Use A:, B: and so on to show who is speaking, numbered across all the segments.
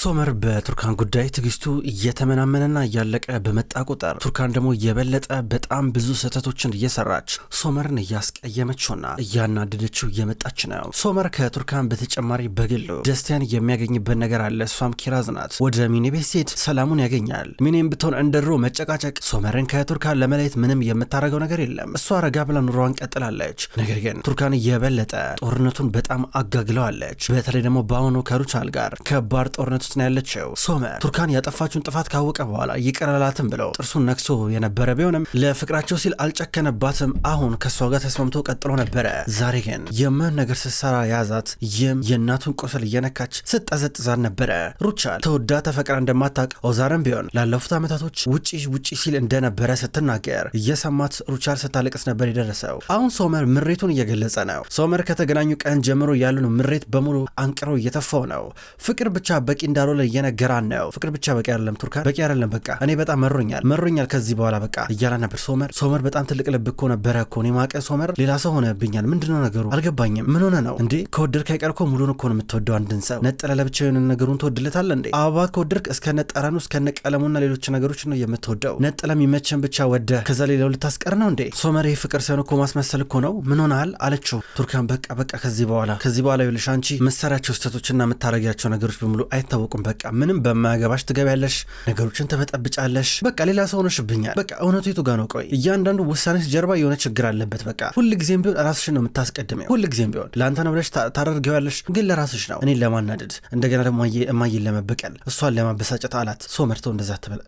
A: ሶመር በቱርካን ጉዳይ ትግስቱ እየተመናመነና እያለቀ በመጣ ቁጥር ቱርካን ደግሞ የበለጠ በጣም ብዙ ስህተቶችን እየሰራች ሶመርን እያስቀየመችውና እያናደደችው እየመጣች ነው። ሶመር ከቱርካን በተጨማሪ በግሉ ደስታን የሚያገኝበት ነገር አለ። እሷም ኪራዝ ናት። ወደ ሚኔ ሴት ሰላሙን ያገኛል። ሚኔም ብትሆን እንደድሮ መጨቃጨቅ፣ ሶመርን ከቱርካን ለመለየት ምንም የምታደርገው ነገር የለም። እሷ ረጋ ብላ ኑሯን ቀጥላለች። ነገር ግን ቱርካን የበለጠ ጦርነቱን በጣም አጋግለዋለች። በተለይ ደግሞ በአሁኑ ከሩቻል ጋር ከባድ ጦርነት ውስጥ ነው ያለችው። ሶመር ቱርካን ያጠፋችውን ጥፋት ካወቀ በኋላ ይቅር ብለው ጥርሱን ነክሶ የነበረ ቢሆንም ለፍቅራቸው ሲል አልጨከነባትም። አሁን ከእሷ ጋር ተስማምቶ ቀጥሎ ነበረ። ዛሬ ግን የምን ነገር ስትሰራ የያዛት ይህም የእናቱን ቁስል እየነካች ስትጠዘጥዛን ነበረ። ሩቻል ተወዳ ተፈቅራ እንደማታውቅ ኦዛርም ቢሆን ላለፉት ዓመታቶች ውጪ ውጪ ሲል እንደነበረ ስትናገር እየሰማት ሩቻል ስታለቅስ ነበር የደረሰው። አሁን ሶመር ምሬቱን እየገለጸ ነው። ሶመር ከተገናኙ ቀን ጀምሮ ያሉን ምሬት በሙሉ አንቅሮ እየተፋው ነው። ፍቅር ብቻ በቂ እንዳ እንዳልሆነ እየነገራን ነው። ፍቅር ብቻ በቂ አይደለም ቱርካን፣ በቂ አይደለም በቃ እኔ በጣም መሮኛል መሮኛል ከዚህ በኋላ በቃ እያላ ነበር ሶመር። ሶመር በጣም ትልቅ ልብ እኮ ነበረ እኮ እኔ ማቀ ሶመር ሌላ ሰው ሆነብኛል። ምንድነው ነገሩ አልገባኝም። ምን ሆነ ነው እንዴ? ከወደድክ አይቀርኮ ሙሉን እኮ ነው የምትወደው። አንድን ሰው ነጠለ ለብቻ የሆነ ነገሩን ትወድለታለ እንዴ? አበባ ከወደድክ እስከ ጠረኑ እስከ ነቀለሙና ሌሎች ነገሮች ነው የምትወደው። ነጠለ የሚመቸን ብቻ ወደ ከዛ ሌላው ልታስቀር ነው እንዴ? ሶመር ይህ ፍቅር ሳይሆን እኮ ማስመሰል እኮ ነው። ምን ሆናል አለችው ቱርካን። በቃ በቃ ከዚህ በኋላ ከዚህ በኋላ ይኸውልሽ አንቺ መሳሪያቸው ስህተቶችና የምታረጊያቸው ነገሮች በሙሉ አይታወቁ አታውቅም። በቃ ምንም በማያገባሽ ትገቢያለሽ፣ ነገሮችን ትበጠብጫለሽ። በቃ ሌላ ሰው ሆነሽብኛል። በቃ እውነቱ የቱ ጋ ነው? ቆይ እያንዳንዱ ውሳኔ ጀርባ የሆነ ችግር አለበት። በቃ ሁልጊዜም ቢሆን ራስሽን ነው የምታስቀድመው። ሁልጊዜም ቢሆን ለአንተ ነው ብለሽ ታደርገዋለሽ፣ ግን ለራስሽ ነው። እኔን ለማናደድ እንደገና ደግሞ እማዬን ለመበቀል እሷን ለማበሳጨት አላት። ሶ ሶመርቶ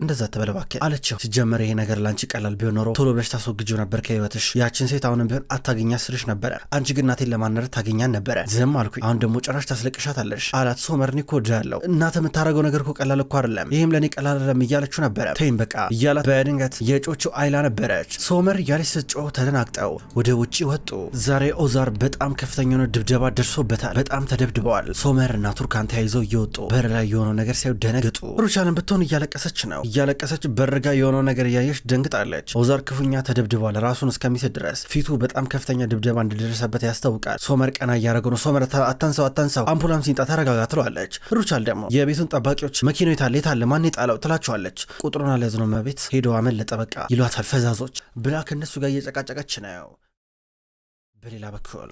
A: እንደዛ ትበል እባክህ አለችው። ሲጀመር ይሄ ነገር ለአንቺ ቀላል ቢሆን ኖሮ ቶሎ ብለሽ ታስወግጅው ነበር ከህይወትሽ። ያችን ሴት አሁንም ቢሆን አታገኛ ስልሽ ነበረ። አንቺ ግን እናቴን ለማናደድ ታገኛን ነበረ። ዝም አልኩኝ። አሁን ደግሞ ጭራሽ ታስለቅሻታለሽ አላት። ሶመር እኔ እኮ እወድሃለሁ እና አንተ የምታደርገው ነገር እኮ ቀላል እኮ አይደለም፣ ይህም ለእኔ ቀላል አይደለም እያለችው ነበረ። ተይም በቃ እያላት በድንገት የጮችው አይላ ነበረች። ሶመር ያለች ስትጮህ ተደናግጠው ወደ ውጭ ወጡ። ዛሬ ኦዛር በጣም ከፍተኛ የሆነ ድብደባ ደርሶበታል። በጣም ተደብድበዋል። ሶመር እና ቱርካን ተያይዘው እየወጡ በር ላይ የሆነው ነገር ሲያዩ ደነገጡ። ሩቻልን ብትሆን እያለቀሰች ነው። እያለቀሰች በርጋ የሆነው ነገር እያየች ደንግጣለች። ኦዛር ክፉኛ ተደብድበዋል። ራሱን እስከሚስት ድረስ ፊቱ በጣም ከፍተኛ ድብደባ እንደደረሰበት ያስታውቃል። ሶመር ቀና እያደረገ ነው። ሶመር አታንሳው፣ አታንሳው፣ አምፑላም ሲንጣ ተረጋጋ ትለዋለች። ሩቻል ደግሞ የ የቤቱን ጠባቂዎች መኪናው የታለ የታለ ማን የጣለው ትላቸዋለች። ቁጥሩን አልያዝነው መቤት ሄዶ አመለጠ በቃ ይሏታል ፈዛዞች ብላ ከእነሱ ጋር እየጨቃጨቀች ነው። በሌላ በኩል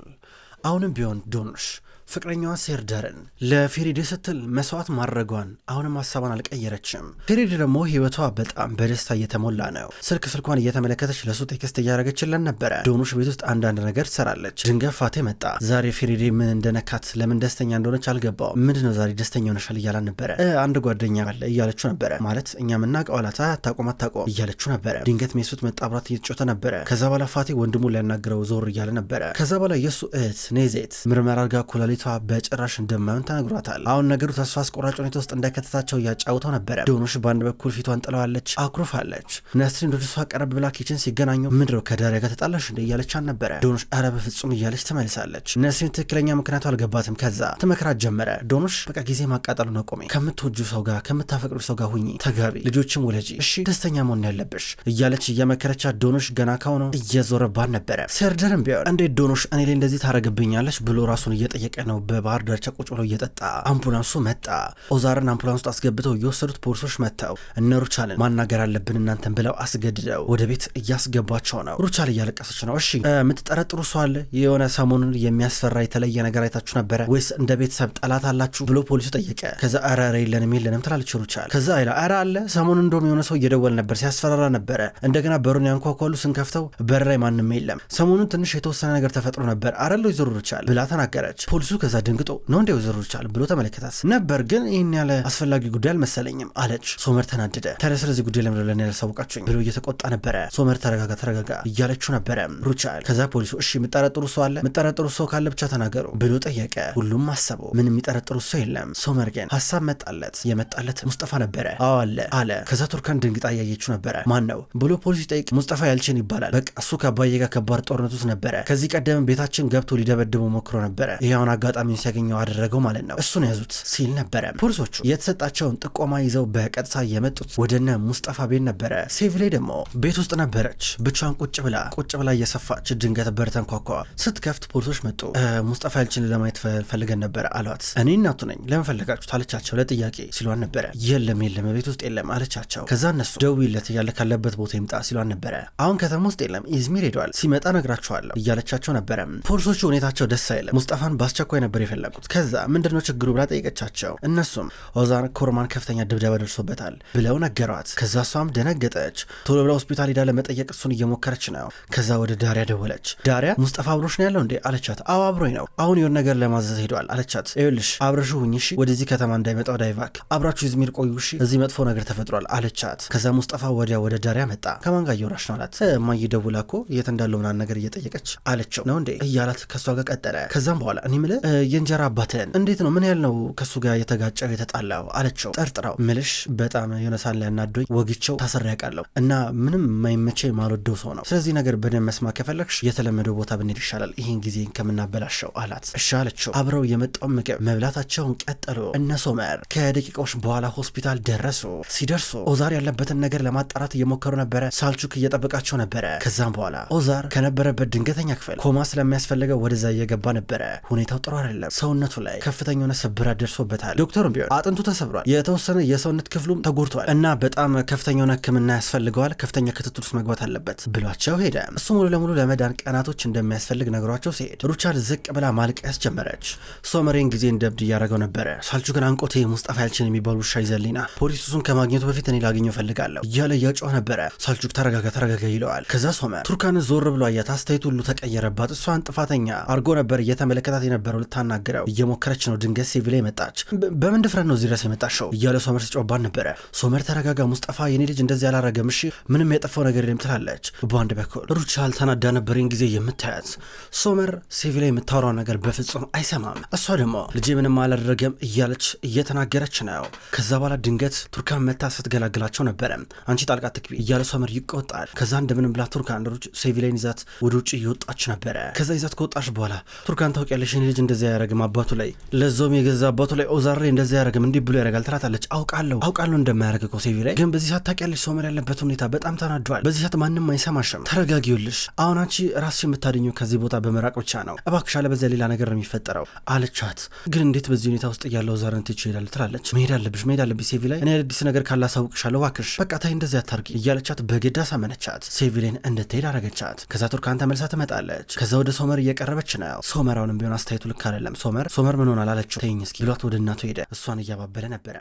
A: አሁንም ቢሆን ዶንሽ ፍቅረኛዋ ሴርደርን ለፌሬዴ ስትል መስዋዕት ማድረጓን አሁንም ሀሳቧን አልቀየረችም። ፌሬዴ ደግሞ ህይወቷ በጣም በደስታ እየተሞላ ነው። ስልክ ስልኳን እየተመለከተች ለሱ ቴክስት እያደረገችለን ነበረ። ዶኑሽ ቤት ውስጥ አንዳንድ ነገር ትሰራለች። ድንገት ፋቴ መጣ። ዛሬ ፌሬዴ ምን እንደነካት ለምን ደስተኛ እንደሆነች አልገባው። ምንድን ነው ዛሬ ደስተኛ ሆነሻል እያላን ነበረ። አንድ ጓደኛ አለ እያለችው ነበረ። ማለት እኛ ምናቀዋላታ አታቆም አታቆም እያለችው ነበረ። ድንገት ሜሱት መጣ። አብራት እየተጮተ ነበረ። ከዛ በኋላ ፋቴ ወንድሙ ሊያናግረው ዞር እያለ ነበረ። ከዛ በኋላ የእሱ እህት ኔዜት ምርመራ አድርጋ ኩላሊት ውጤቷ በጭራሽ እንደማይሆን ተነግሯታል። አሁን ነገሩ ተስፋ አስቆራጭ ሁኔታ ውስጥ እንደከተታቸው እያጫውተው ነበረ። ዶኖሽ በአንድ በኩል ፊቷን ጥለዋለች፣ አኩርፋለች። ነስሪን ወደ እሷ ቀረብ ብላ ኪችን ሲገናኙ ምድረው ከዳሪያ ጋር ተጣላሽ እንደ እያለች አልነበረ። ዶኖሽ አረ በፍጹም እያለች ትመልሳለች። ነስሪን ትክክለኛ ምክንያቱ አልገባትም። ከዛ ትመክራት ጀመረ። ዶኖሽ በቃ ጊዜ ማቃጠሉን አቁሜ ከምትወጁ ሰው ጋር ከምታፈቅዱ ሰው ጋር ሁኚ፣ ተጋቢ፣ ልጆችም ውለጂ፣ እሺ ደስተኛ መሆን ያለብሽ እያለች እየመከረቻ ዶኖሽ ገና ካሁኑ እየዞረባን ነበረ። ሰርደርም ቢሆን እንዴት ዶኖሽ እኔ ላይ እንደዚህ ታረግብኛለች ብሎ ራሱን እየጠየቀ ነው ነው በባህር ዳርቻ ቁጭ ብለው እየጠጣ አምቡላንሱ መጣ። ኦዛርን አምቡላንስ ውስጥ አስገብተው እየወሰዱት ፖሊሶች መጥተው እነ ሩቻልን ማናገር አለብን እናንተን ብለው አስገድደው ወደ ቤት እያስገቧቸው ነው። ሩቻል እያለቀሰች ነው። እሺ የምትጠረጥሩ ሰው አለ? የሆነ ሰሞኑን የሚያስፈራ የተለየ ነገር አይታችሁ ነበረ ወይስ እንደ ቤተሰብ ጠላት አላችሁ ብሎ ፖሊሱ ጠየቀ። ከዛ ኧረ ኧረ የለንም የለንም ትላለች ሩቻል። ከዛ ይላ ኧረ አለ ሰሞኑን እንደውም የሆነ ሰው እየደወል ነበር ሲያስፈራራ ነበረ። እንደገና በሩን ያንኳኳሉ ስንከፍተው በር ላይ ማንም የለም። ሰሞኑን ትንሽ የተወሰነ ነገር ተፈጥሮ ነበር አረለ ይዞሩ ሩቻል ብላ ተናገረች። ፖሊሱ እሱ ከዛ ደንግጦ ነው እንደ ወይዘሮ ቻል ብሎ ተመለከታት ነበር፣ ግን ይህን ያለ አስፈላጊ ጉዳይ አልመሰለኝም አለች። ሶመር ተናደደ። ታዲያ ስለዚህ ጉዳይ ለምደ ለኔ ያላሳወቃችሁኝ ብሎ እየተቆጣ ነበረ። ሶመር ተረጋጋ፣ ተረጋጋ እያለችው ነበረ ሩቻል። ከዛ ፖሊሱ እሺ የምጠረጥሩ ሰው አለ የምጠረጥሩ ሰው ካለ ብቻ ተናገሩ ብሎ ጠየቀ። ሁሉም አሰቡ፣ ምንም የሚጠረጥሩ ሰው የለም። ሶመር ግን ሀሳብ መጣለት። የመጣለት ሙስጠፋ ነበረ። አዎ አለ አለ። ከዛ ቱርካን ድንግጣ እያየችው ነበረ። ማን ነው ብሎ ፖሊሱ ይጠይቅ። ሙስጠፋ ያልችን ይባላል። በቃ እሱ ከአባዬ ጋር ከባድ ጦርነት ውስጥ ነበረ። ከዚህ ቀደም ቤታችን ገብቶ ሊደበድበው ሞክሮ ነበረ። ይህ አሁን አጋጣሚውን ሲያገኘው አደረገው ማለት ነው። እሱን ያዙት ሲል ነበረ። ፖሊሶቹ የተሰጣቸውን ጥቆማ ይዘው በቀጥታ የመጡት ወደነ ሙስጠፋ ቤት ነበረ። ሴቭ ላይ ደግሞ ቤት ውስጥ ነበረች ብቻን ቁጭ ብላ ቁጭ ብላ እየሰፋች ድንገት በር ተንኳኳ። ስትከፍት ፖሊሶች መጡ። ሙስጠፋ ያልችን ለማየት ፈልገን ነበረ አሏት። እኔ እናቱ ነኝ ለምን ፈለጋችሁት አለቻቸው ለጥያቄ ሲሏን ነበረ። የለም የለም ቤት ውስጥ የለም አለቻቸው። ከዛ እነሱ ደውይለት እያለ ካለበት ቦታ ይምጣ ሲሏን ነበረ። አሁን ከተማ ውስጥ የለም ኢዝሚር ሄዷል ሲመጣ ነግራችኋለሁ እያለቻቸው ነበረ። ፖሊሶቹ ሁኔታቸው ደስ አይለም። ሙስጠፋን በአስቸኳ እንዲያኮይ ነበር የፈለጉት። ከዛ ምንድን ነው ችግሩ ብላ ጠየቀቻቸው። እነሱም ኦዛን ኮርማን ከፍተኛ ድብደባ ደርሶበታል ብለው ነገሯት። ከዛ እሷም ደነገጠች። ቶሎ ብላ ሆስፒታል ሄዳ ለመጠየቅ እሱን እየሞከረች ነው። ከዛ ወደ ዳሪያ ደወለች። ዳሪያ ሙስጠፋ አብሮሽ ነው ያለው እንዴ አለቻት። አዎ አብሮኝ ነው፣ አሁን የሆነ ነገር ለማዘዝ ሄዷል አለቻት። ይኸውልሽ አብረሹ ሁኝ እሺ፣ ወደዚህ ከተማ እንዳይመጣ ወዳይቫክ አብራችሁ ዝሚል ቆዩ እሺ፣ እዚህ መጥፎ ነገር ተፈጥሯል አለቻት። ከዛ ሙስጠፋ ወዲያ ወደ ዳሪያ መጣ። ከማን ጋር እያወራሽ ነው አላት። እማዬ ደውላ እኮ የት እንዳለው ምናምን ነገር እየጠየቀች አለችው። ነው እንዴ እያላት ከእሷ ጋር ቀጠለ። ከዛም በኋላ እኔ ምለ የእንጀራ አባትን እንዴት ነው ምን ያህል ነው ከእሱ ጋር የተጋጨው የተጣላው አለችው። ጠርጥረው ምልሽ በጣም የሆነ ሳል ያናዶኝ ወግቸው ታሰራ ያውቃለሁ እና ምንም ማይመቼ የማልወደው ሰው ነው። ስለዚህ ነገር በደንብ መስማት ከፈለግሽ የተለመደው ቦታ ብንሄድ ይሻላል ይህን ጊዜ ከምናበላሸው አላት። እሺ አለችው። አብረው የመጣውን ምግብ መብላታቸውን ቀጠሉ። እነ ሶመር ከደቂቃዎች በኋላ ሆስፒታል ደረሱ። ሲደርሱ ኦዛር ያለበትን ነገር ለማጣራት እየሞከሩ ነበረ። ሳልቹክ እየጠበቃቸው ነበረ። ከዛም በኋላ ኦዛር ከነበረበት ድንገተኛ ክፍል ኮማ ስለሚያስፈልገው ወደዛ እየገባ ነበረ። ሁኔታው ጥሩ አይደለም። ሰውነቱ ላይ ከፍተኛ የሆነ ስብራት ደርሶበታል። ዶክተሩም ቢሆን አጥንቱ ተሰብሯል፣ የተወሰነ የሰውነት ክፍሉም ተጎድቷል እና በጣም ከፍተኛ የሆነ ሕክምና ያስፈልገዋል፣ ከፍተኛ ክትትል ውስጥ መግባት አለበት ብሏቸው ሄደ። እሱ ሙሉ ለሙሉ ለመዳን ቀናቶች እንደሚያስፈልግ ነግሯቸው ሲሄድ ሩቻል ዝቅ ብላ ማልቀስ ጀመረች። ሶመሬን ጊዜ እንደብድ እያደረገው ነበረ። ሳልቹ ግን አንቆት ሙስጠፋ ያልችን የሚባሉ ውሻ ይዘልና ፖሊስ እሱን ከማግኘቱ በፊት እኔ ላገኘው እፈልጋለሁ እያለ እያጫዋ ነበረ። ሳልቹክ ተረጋጋ ተረጋጋ ይለዋል። ከዛ ሶመር ቱርካንን ዞር ብሎ አያት። አስተያየቱ ሁሉ ተቀየረባት። እሷን ጥፋተኛ አርጎ ነበር እየተመለከታት የነበረው ነው ልታናግረው እየሞከረች ነው። ድንገት ሲቪላ የመጣች በምን ድፍረት ነው እዚህ ድረስ የመጣሸው እያለ ሶመር ሲጮባን ነበረ። ሶመር ተረጋጋ ሙስጠፋ፣ የኔ ልጅ እንደዚህ ያላረገም፣ እሺ ምንም የጠፋው ነገር የለም ትላለች። በአንድ በኩል ሩቻል ተናዳ ነበርን ጊዜ የምታያት ሶመር ሲቪላ የምታወራው ነገር በፍጹም አይሰማም። እሷ ደግሞ ልጄ ምንም አላደረገም እያለች እየተናገረች ነው። ከዛ በኋላ ድንገት ቱርካን መታ ስትገላግላቸው ነበረ። አንቺ ጣልቃ ትግቢ እያለ ሶመር ይቆጣል። ከዛ እንደምንም ብላ ቱርካን ሩች ሲቪላይን ይዛት ወደ ውጭ እየወጣች ነበረ። ከዛ ይዛት ከወጣች በኋላ ቱርካን ታውቂያለሽ፣ የኔ ልጅ እንደዚህ አያረግም አባቱ ላይ ለዞም የገዛ አባቱ ላይ ኦዛሬ እንደዚህ አያረግም እንዲህ ብሎ ያደርጋል ትላታለች። አውቃለሁ አውቃለሁ እንደማያደርግ እኮ ሴቪ ላይ ግን በዚህ ሰዓት ታውቂያለሽ፣ ሶመር ያለበት ሁኔታ በጣም ተናዷል። በዚህ ሰዓት ማንም አይሰማሽም። ተረጋጊውልሽ አሁን አንቺ ራስሽ የምታድኘው ከዚህ ቦታ በመራቅ ብቻ ነው። እባክሽ አለ በዚያ ሌላ ነገር ነው የሚፈጠረው አለቻት። ግን እንዴት በዚህ ሁኔታ ውስጥ እያለ ኦዛሬን ትች እሄዳለሁ ትላለች። መሄድ አለብሽ መሄድ አለብሽ ሴቪ ላይ እኔ አዲስ ነገር ካላሳውቅሻለሁ እባክሽ በቃ ታይ እንደዚህ አታርጊ እያለቻት በግድ አሳመነቻት። ሴቪሌን እንድትሄድ አረገቻት። ከዛ ቱርካን ተመልሳ ትመጣለች። ከዛ ወደ ሶመር እየቀረበች ነው። ሶመራውንም ቢሆን አስተያየቱ ልክ ልክ አይደለም። ሶመር ሶመር ምን ሆናል አለችው። ተይኝ እስኪ ብሏት ወደ እናቱ ሄደ። እሷን እያባበለ ነበረ።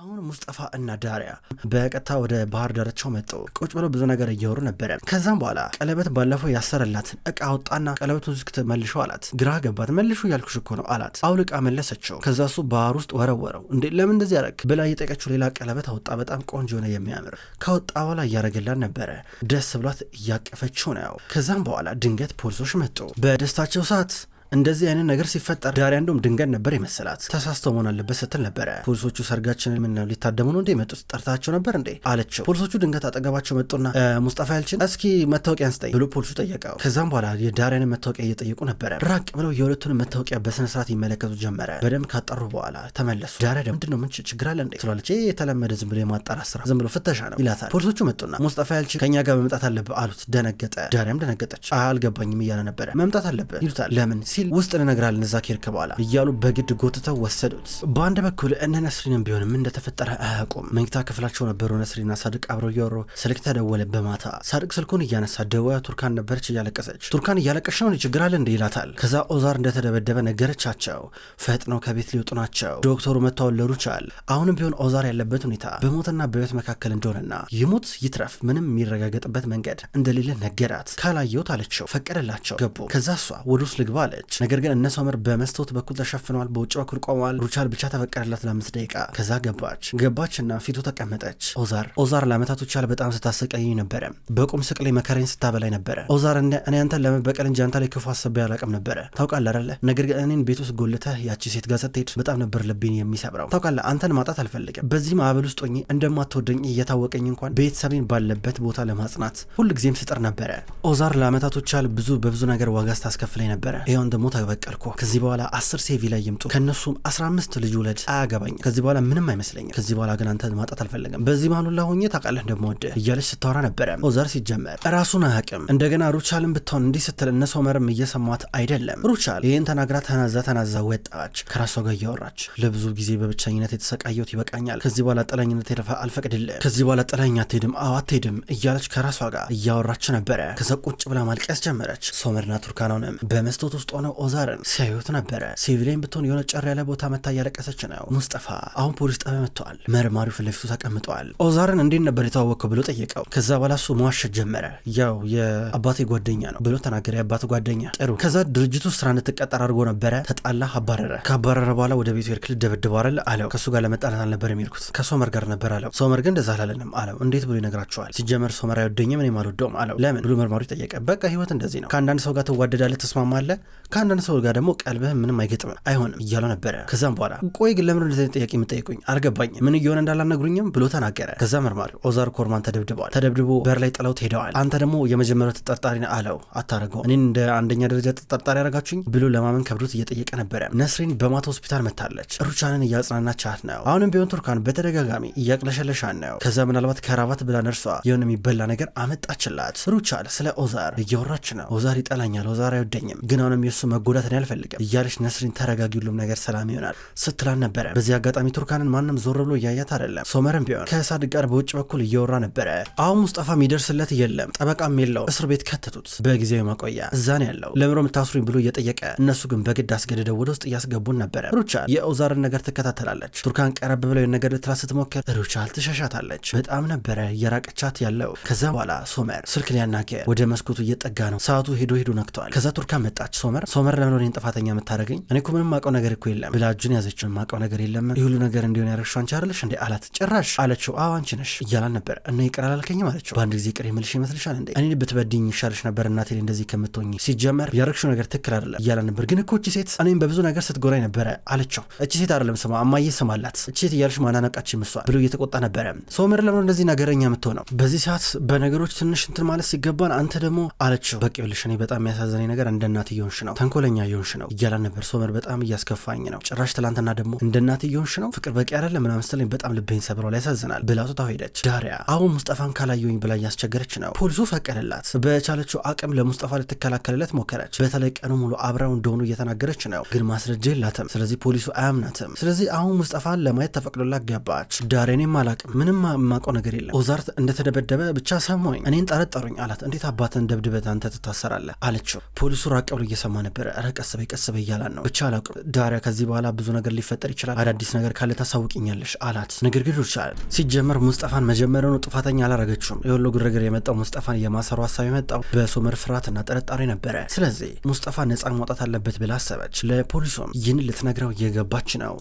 A: አሁን ሙስጠፋ እና ዳሪያ በቀጥታ ወደ ባህር ዳርቻው መጡ። ቁጭ ብለው ብዙ ነገር እያወሩ ነበረ። ከዛም በኋላ ቀለበት ባለፈው ያሰረላትን እቃ አወጣና ቀለበቱን ዝክት መልሾ አላት። ግራ ገባት። መልሾ እያልኩሽ እኮ ነው አላት። አውልቃ መለሰችው። ከዛ እሱ ባህር ውስጥ ወረወረው። እንዴ ለምን እንደዚህ ያረክ ብላ እየጠቀችው ሌላ ቀለበት አወጣ። በጣም ቆንጆ ነው የሚያምር። ከወጣ በኋላ እያረገላን ነበረ። ደስ ብሏት እያቀፈችው ነው። ከዛም በኋላ ድንገት ፖሊሶች መጡ። በደስታቸው ሰዓት እንደዚህ አይነት ነገር ሲፈጠር ዳሪያ እንደውም ድንገት ነበር የመሰላት። ተሳስተው መሆን አለበት ስትል ነበረ። ፖሊሶቹ ሰርጋችን ምን ሊታደሙ ነው እንዴ መጡት? ጠርታቸው ነበር እንዴ አለችው። ፖሊሶቹ ድንገት አጠገባቸው መጡና ሙስጣፋ ያልችን እስኪ መታወቂያ አንስጠኝ ብሎ ፖሊሱ ጠየቀው። ከዛም በኋላ የዳሪያንን መታወቂያ እየጠየቁ ነበረ። ራቅ ብለው የሁለቱን መታወቂያ በስነስርዓት ይመለከቱ ጀመረ። በደንብ ካጠሩ በኋላ ተመለሱ። ዳሪያ ደግሞ ምንድነው ምን ችግር አለ እንዴ ትሏለች። የተለመደ ዝም ብሎ የማጣራት ስራ ዝም ብሎ ፍተሻ ነው ይላታል። ፖሊሶቹ መጡና ሙስጣፋ ያልችን ከእኛ ጋር መምጣት አለብህ አሉት። ደነገጠ። ዳሪያም ደነገጠች። አልገባኝም እያለ ነበረ። መምጣት አለብህ ይሉታል። ለምን ሲል ውስጥ እንነግራለን እዛ ኬርክ በኋላ እያሉ በግድ ጎትተው ወሰዱት። በአንድ በኩል እነ ነስሪንም ቢሆንም እንደተፈጠረ አያውቁም። መኝታ ክፍላቸው ነበሩ። ነስሪና ሳድቅ አብረው እያወሩ ስልክ ተደወለ። በማታ ሳድቅ ስልኩን እያነሳ ደወያ ቱርካን ነበረች፣ እያለቀሰች ቱርካን እያለቀሽ ነው ችግር አለ እንደ ይላታል። ከዛ ኦዛር እንደተደበደበ ነገረቻቸው። ፈጥነው ከቤት ሊወጡ ናቸው። ዶክተሩ መታወለዱ ቻል አሁንም ቢሆን ኦዛር ያለበት ሁኔታ በሞትና በህይወት መካከል እንደሆነና ይሙት ይትረፍ ምንም የሚረጋገጥበት መንገድ እንደሌለ ነገራት። ካላየሁት አለችው። ፈቀደላቸው ገቡ። ከዛ እሷ ወደ ውስጥ ልግባ አለች። ተጫዋች። ነገር ግን እነ ሶመር በመስታወት በኩል ተሸፍነዋል፣ በውጭ በኩል ቆመዋል። ሩቻል ብቻ ተፈቀደላት ለአምስት ደቂቃ። ከዛ ገባች ገባችና ፊቱ ተቀመጠች። ኦዛር ኦዛር ለአመታት ሩቻል በጣም ስታሰቀይኝ ነበረ። በቁም ስቅ ላይ መከረኝ ስታበላይ ነበረ። ኦዛር እኔ አንተን ለመበቀል እንጂ አንተ ላይ ክፉ አሰብ ያላቅም ነበረ ታውቃለህ አይደለ? ነገር ግን እኔን ቤት ውስጥ ጎልተህ ያቺ ሴት ጋር ስትሄድ በጣም ነበር ልቤን የሚሰብረው። ታውቃለህ አንተን ማጣት አልፈልግም። በዚህ ማዕበል ውስጥ ሆኜ እንደማትወደኝ እየታወቀኝ እንኳን ቤተሰብን ባለበት ቦታ ለማጽናት ሁልጊዜም ስጥር ነበረ። ኦዛር ለአመታት ሩቻል ብዙ በብዙ ነገር ዋጋ ስታስከፍለኝ ነበረ። ይኸው ልሞት በቀልኩ። ከዚህ በኋላ አስር ሴቪ ላይ ይምጡ፣ ከእነሱም አስራ አምስት ልጅ ውለድ። አያገባኝም። ከዚህ በኋላ ምንም አይመስለኝም። ከዚህ በኋላ ግን አንተ ማጣት አልፈለገም። በዚህ ማሉ ማኑላ ሆኜ ታውቃለህ እንደምወድህ እያለች ስታወራ ነበረ። ኦዛር ሲጀመር ራሱን አያውቅም። እንደገና ሩቻልን ብትሆን እንዲህ ስትል እነሰ ኦመርም እየሰሟት አይደለም። ሩቻል ይህን ተናግራ ተናዛ ተናዛ ወጣች። ከራሷ ጋር እያወራች ለብዙ ጊዜ በብቸኝነት የተሰቃየሁት ይበቃኛል። ከዚህ በኋላ ጥለኝነት የደፋ አልፈቅድልህ። ከዚህ በኋላ ጥለኝ አትሄድም፣ አዎ አትሄድም እያለች ከራሷ ጋር እያወራች ነበረ። ከዛ ቁጭ ብላ ማልቀስ ጀመረች። ሶመርና ቱርካናውንም በመስቶት ውስጥ ሆነ ነው ኦዛርን ሲያዩት ነበረ። ሲቪሌን ብትሆን የሆነ ጨር ያለ ቦታ መታ እያለቀሰች ነው። ሙስጠፋ አሁን ፖሊስ ጣቢያ መጥተዋል። መርማሪው ፊት ለፊቱ ተቀምጠዋል። ኦዛርን እንዴት ነበር የተዋወቅከው ብሎ ጠየቀው። ከዛ በኋላ እሱ መዋሸት ጀመረ። ያው የአባቴ ጓደኛ ነው ብሎ ተናገረ። የአባት ጓደኛ ጥሩ። ከዛ ድርጅቱ ስራ እንድትቀጠር አድርጎ ነበረ። ተጣላ፣ አባረረ። ካባረረ በኋላ ወደ ቤቱ ሄድክ ልደበድበው አለው። ከእሱ ጋር ለመጣላት አልነበር የሚልኩት ከሶመር ጋር ነበር አለው። ሶመር ግን እንደዛ አላለንም አለው። እንዴት ብሎ ይነግራቸዋል። ሲጀመር ሶመር አይወደኝም እኔም አልወደውም አለው። ለምን ብሎ መርማሪው ጠየቀ። በቃ ህይወት እንደዚህ ነው። ከአንዳንድ ሰው ጋር ትዋደዳለህ፣ ትስማማለህ ከአንዳንድ ሰው ጋር ደግሞ ቀልብህ ምንም አይገጥም አይሆንም እያለው ነበረ። ከዛም በኋላ ቆይ ግን ለምን እንደዚህ ጥያቄ የምጠይቁኝ አልገባኝም፣ ምን እየሆነ እንዳላነግሩኝም ብሎ ተናገረ። ከዛ መርማሪው ኦዛር ኮርማን ተደብድበዋል፣ ተደብድቦ በር ላይ ጥለውት ሄደዋል። አንተ ደግሞ የመጀመሪያው ተጠርጣሪ ነህ አለው። አታረገው እኔን እንደ አንደኛ ደረጃ ተጠርጣሪ ያደረጋችሁኝ ብሎ ለማመን ከብዶት እየጠየቀ ነበረ። ነስሬን በማታ ሆስፒታል መታለች። ሩቻንን እያጽናናቻት ነው። አሁንም ቢሆን ቱርካን በተደጋጋሚ እያቅለሸለሻን ነው። ከዛ ምናልባት ከራባት ብላ ነርሷ የሆነ የሚበላ ነገር አመጣችላት። ሩቻል ስለ ኦዛር እያወራች ነው። ኦዛር ይጠላኛል፣ ኦዛር አይወደኝም ግን አሁንም የሱ እሱ መጎዳት እኔ አልፈልግም እያለች ነስሪን ተረጋጊ፣ ሁሉም ነገር ሰላም ይሆናል ስትላን ነበረ። በዚህ አጋጣሚ ቱርካንን ማንም ዞር ብሎ እያያት አይደለም። ሶመርም ቢሆን ከሳድ ጋር በውጭ በኩል እየወራ ነበረ። አሁን ሙስጠፋ የሚደርስለት የለም፣ ጠበቃም የለው፣ እስር ቤት ከተቱት በጊዜያዊ ማቆያ እዛን ያለው። ለምሮ የምታስሩኝ ብሎ እየጠየቀ እነሱ ግን በግድ አስገድደው ወደ ውስጥ እያስገቡን ነበረ። ሩቻል የኦዛርን ነገር ትከታተላለች። ቱርካን ቀረብ ብለው ነገር ልትላት ስትሞክር ሩቻል ትሸሻታለች። በጣም ነበረ እየራቀቻት ያለው። ከዛ በኋላ ሶመር ስልክ ሊያናገር ወደ መስኮቱ እየጠጋ ነው። ሰዓቱ ሄዶ ሄዶ ነክተዋል። ከዛ ቱርካን መጣች። ሶመር ሰው መር ለምን እኔን ጥፋተኛ የምታደርገኝ? እኔ እኮ ምንም አውቀው ነገር እኮ የለም ብላ እጁን ያዘችው። የማውቀው ነገር የለም ይህ ሁሉ ነገር እንዲሆን ያደረግሽው አንቺ አይደለሽ እንዴ አላት። ጭራሽ አለችው። አዎ አንቺ ነሽ እያላን ነበር እና ይቅር አላልከኝም አለችው። በአንድ ጊዜ ቅር የምልሽ ይመስልሻል እንዴ? እኔን ብትበድኝ ይሻልሽ ነበር እናቴ እንደዚህ ከምትሆኝ። ሲጀመር ያደረግሽው ነገር ትክክል አይደለም እያላን ነበር። ግን እኮ እቺ ሴት እኔም በብዙ ነገር ስትጎዳኝ ነበረ አለችው። እቺ ሴት አይደለም ስማ አማዬ ስም አላት እቺ ሴት እያልሽ ማናነቃች ምሷል ብሎ እየተቆጣ ነበረ። ሰው መር ለምን እንደዚህ ነገረኛ የምትሆነው በዚህ ሰዓት በነገሮች ትንሽ እንትን ማለት ሲገባን አንተ ደግሞ አለችው። በቂ ይኸውልሽ እኔ በጣም የሚያሳዝነኝ ነገር እንደ እናት እየሆንሽ ነው ተንኮለኛ የሆንሽ ነው እያላን ነበር ሶመር። በጣም እያስከፋኝ ነው ጭራሽ ትላንትና ደግሞ እንደ እናት እየሆንሽ ነው ፍቅር በቂ አይደለ ምናምን ስትለኝ በጣም ልብኝ ላይ ያሳዝናል ብላ ትታው ሄደች። ዳሪያ አሁን ሙስጠፋን ካላየሁኝ ብላ እያስቸገረች ነው። ፖሊሱ ፈቀደላት። በቻለችው አቅም ለሙስጠፋ ልትከላከልለት ሞከረች። በተለይ ቀኑ ሙሉ አብረው እንደሆኑ እየተናገረች ነው፣ ግን ማስረጃ የላትም። ስለዚህ ፖሊሱ አያምናትም። ስለዚህ አሁን ሙስጠፋን ለማየት ተፈቅዶላት ገባች። ዳሪያ እኔም አላቅም ምንም የማውቀው ነገር የለም ኦዛርት እንደተደበደበ ብቻ ሰሞኝ እኔን ጠረጠሩኝ አላት። እንዴት አባትን ደብድበት አንተ ትታሰራለህ አለችው። ፖሊሱ ራቅ ብሎ እየሰማ ነበር ነበር። ኧረ ቀስ በይ ቀስ በይ እያላን ነው። ብቻ አላውቅም ዳሪያ፣ ከዚህ በኋላ ብዙ ነገር ሊፈጠር ይችላል። አዳዲስ ነገር ካለ ታሳውቅኛለሽ አላት። ነገር ግን ይቻላል ሲጀመር ሙስጠፋን መጀመሪያውኑ ጥፋተኛ አላረገችውም። የሁሉ ግርግር የመጣው ሙስጠፋን የማሰሩ ሀሳብ የመጣው በሶመር ፍርሃትና ጥርጣሬ ነበረ። ስለዚህ ሙስጠፋ ነፃ መውጣት አለበት ብላ አሰበች። ለፖሊሱም ይህን ልትነግረው እየገባች ነው።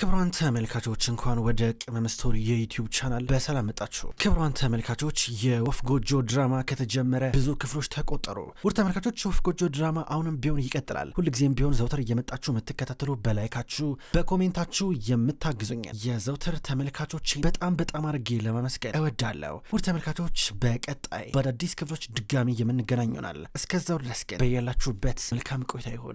A: ክብሯን ተመልካቾች እንኳን ወደ ቅመም ስቶሪ የዩቲዩብ ቻናል በሰላም መጣችሁ። ክብሯን ተመልካቾች የወፍ ጎጆ ድራማ ከተጀመረ ብዙ ክፍሎች ተቆጠሩ። ውድ ተመልካቾች የወፍ ጎጆ ድራማ አሁንም ቢሆን ይቀጥላል። ሁልጊዜም ቢሆን ዘውትር እየመጣችሁ የምትከታተሉ በላይካችሁ፣ በኮሜንታችሁ የምታግዙኝ የዘውትር ተመልካቾች በጣም በጣም አድርጌ ለማመስገን እወዳለሁ። ውድ ተመልካቾች በቀጣይ በአዳዲስ ክፍሎች ድጋሚ የምንገናኙናል። እስከዛው ድረስ ግን በያላችሁበት መልካም ቆይታ ይሁን።